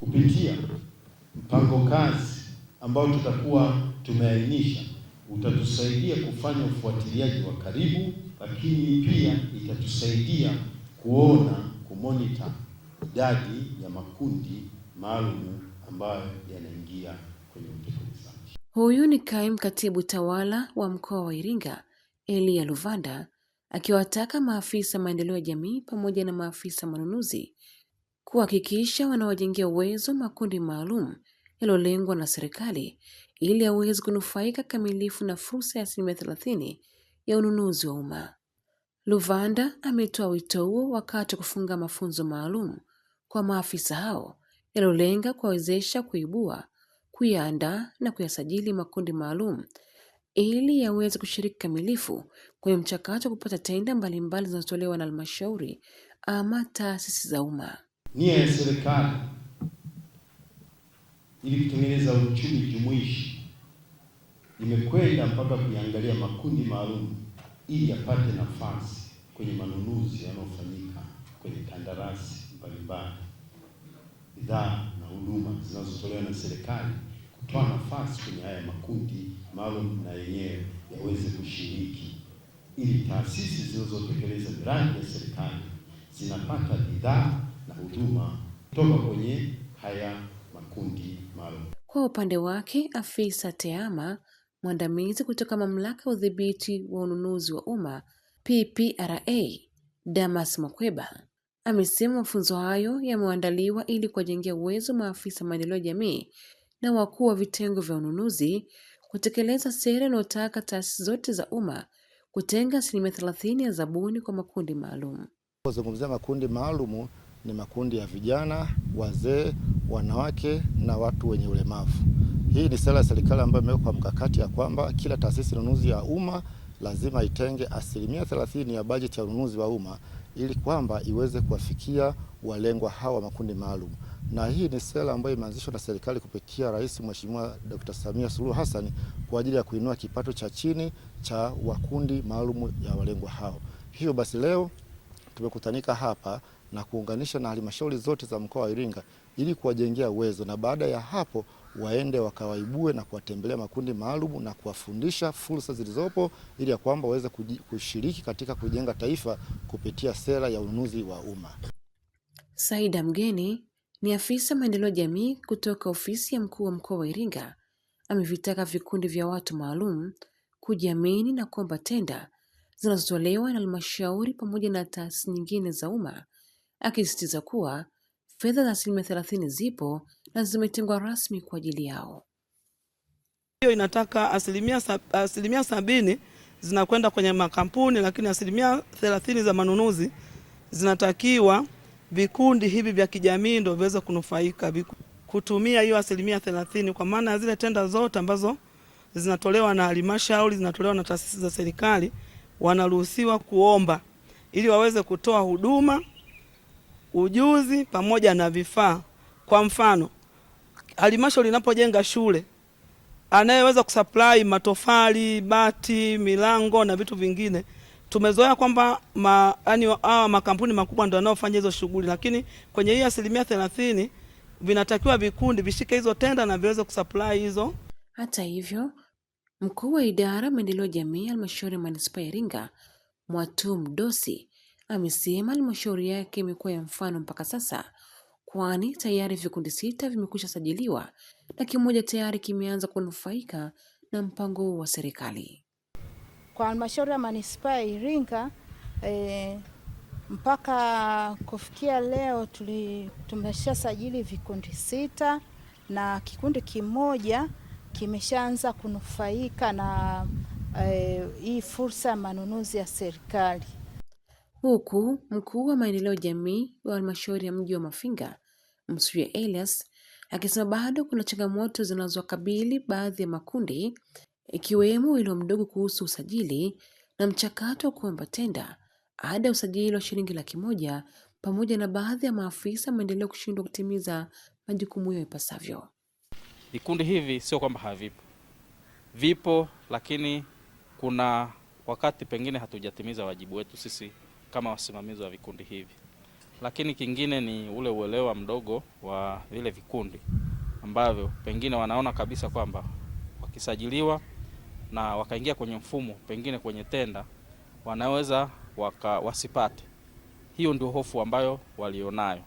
Kupitia mpango kazi ambao tutakuwa tumeainisha, utatusaidia kufanya ufuatiliaji wa karibu, lakini pia itatusaidia kuona kumonita idadi ya makundi maalum ambayo yanaingia kwenye utekelezaji. Huyu ni kaimu katibu tawala wa mkoa wa Iringa Elia Luvanda akiwataka maafisa maendeleo ya jamii pamoja na maafisa manunuzi kuhakikisha wanawajengea uwezo makundi maalum yaliyolengwa na serikali ili aweze kunufaika kamilifu na fursa ya asilimia thelathini ya ununuzi wa umma. Luvanda ametoa wito huo wakati wa kufunga mafunzo maalum kwa maafisa hao yaliyolenga kuwawezesha kuibua, kuyaandaa na kuyasajili makundi maalum ili yaweze kushiriki kamilifu kwenye mchakato wa kupata tenda mbalimbali zinazotolewa na halmashauri ama taasisi za umma. Nia ya serikali ili kutengeneza uchumi jumuishi imekwenda mpaka kuiangalia makundi maalum ili yapate nafasi kwenye manunuzi yanayofanyika kwenye kandarasi mbalimbali, bidhaa na huduma zinazotolewa na serikali, kutoa nafasi kwenye haya makundi maalum na yenyewe yaweze kushiriki, ili taasisi zinazotekeleza miradi ya serikali zinapata bidhaa na huduma kutoka kwenye haya makundi maalum. Kwa upande wake, afisa TEHAMA mwandamizi kutoka mamlaka ya udhibiti wa ununuzi wa umma PPRA Damas Makweba amesema mafunzo hayo yameandaliwa ili kuwajengea uwezo maafisa maendeleo ya jamii na wakuu wa vitengo vya ununuzi kutekeleza sera inayotaka taasisi zote za umma kutenga asilimia thelathini ya zabuni kwa makundi maalum. Kuzungumzia makundi maalumu ni makundi ya vijana, wazee, wanawake na watu wenye ulemavu. Hii ni sera ya serikali ambayo imewekwa mkakati ya kwamba kila taasisi nunuzi ya umma lazima itenge asilimia 30 ya bajeti ya ununuzi wa umma ili kwamba iweze kuwafikia walengwa hawa makundi maalum, na hii ni sera ambayo imeanzishwa na serikali kupitia Rais Mheshimiwa Dr. Samia Suluhu Hassan kwa ajili ya kuinua kipato cha chini cha wakundi maalum ya walengwa hao. Hiyo basi leo tumekutanika hapa na kuunganisha na halmashauri zote za mkoa wa Iringa ili kuwajengea uwezo, na baada ya hapo waende wakawaibue na kuwatembelea makundi maalum na kuwafundisha fursa zilizopo ili ya kwamba waweze kushiriki katika kujenga taifa kupitia sera ya ununuzi wa umma. Saida Mgeni ni afisa maendeleo jamii kutoka ofisi ya mkuu wa mkoa wa Iringa amevitaka vikundi vya watu maalum kujiamini na kuomba tenda zinazotolewa na halmashauri pamoja na taasisi nyingine za umma akisisitiza kuwa fedha za asilimia thelathini zipo na zimetengwa rasmi kwa ajili yao. Hiyo inataka asilimia, asilimia sabini zinakwenda kwenye makampuni, lakini asilimia thelathini za manunuzi zinatakiwa vikundi hivi vya kijamii ndio viweze kunufaika kutumia hiyo asilimia thelathini, kwa maana ya zile tenda zote ambazo zinatolewa na halmashauri zinatolewa na taasisi za serikali, wanaruhusiwa kuomba ili waweze kutoa huduma ujuzi pamoja na vifaa. Kwa mfano, halmashauri inapojenga shule, anayeweza kusupply matofali, bati, milango na vitu vingine tumezoea kwamba ma, yani, awa makampuni makubwa ndio wanaofanya hizo shughuli, lakini kwenye hii asilimia thelathini vinatakiwa vikundi vishike hizo tenda na viweze kusupply hizo. Hata hivyo, mkuu wa idara maendeleo jamii halmashauri ya manispaa ya Iringa Mwatu Mdosi amesema halmashauri yake imekuwa ya mfano mpaka sasa, kwani tayari vikundi sita vimekwisha sajiliwa na kimoja tayari kimeanza kunufaika na mpango huu wa serikali. Kwa halmashauri ya manispaa ya Iringa e, mpaka kufikia leo tumesha sajili vikundi sita na kikundi kimoja kimeshaanza kunufaika na e, hii fursa ya manunuzi ya serikali. Huku mkuu wa maendeleo jamii wa halmashauri ya mji wa Mafinga, Msuya Elias akisema bado kuna changamoto zinazokabili baadhi ya makundi ikiwemo uelewa mdogo kuhusu usajili na mchakato wa kuomba tenda, ada ya usajili wa shilingi laki moja pamoja na baadhi ya maafisa maendeleo kushindwa kutimiza majukumu yao ipasavyo. Vikundi hivi sio kwamba havipo, vipo, lakini kuna wakati pengine hatujatimiza wajibu wetu sisi kama wasimamizi wa vikundi hivi. Lakini kingine ni ule uelewa mdogo wa vile vikundi ambavyo pengine wanaona kabisa kwamba wakisajiliwa na wakaingia kwenye mfumo, pengine kwenye tenda, wanaweza waka wasipate. Hiyo ndio hofu ambayo walionayo.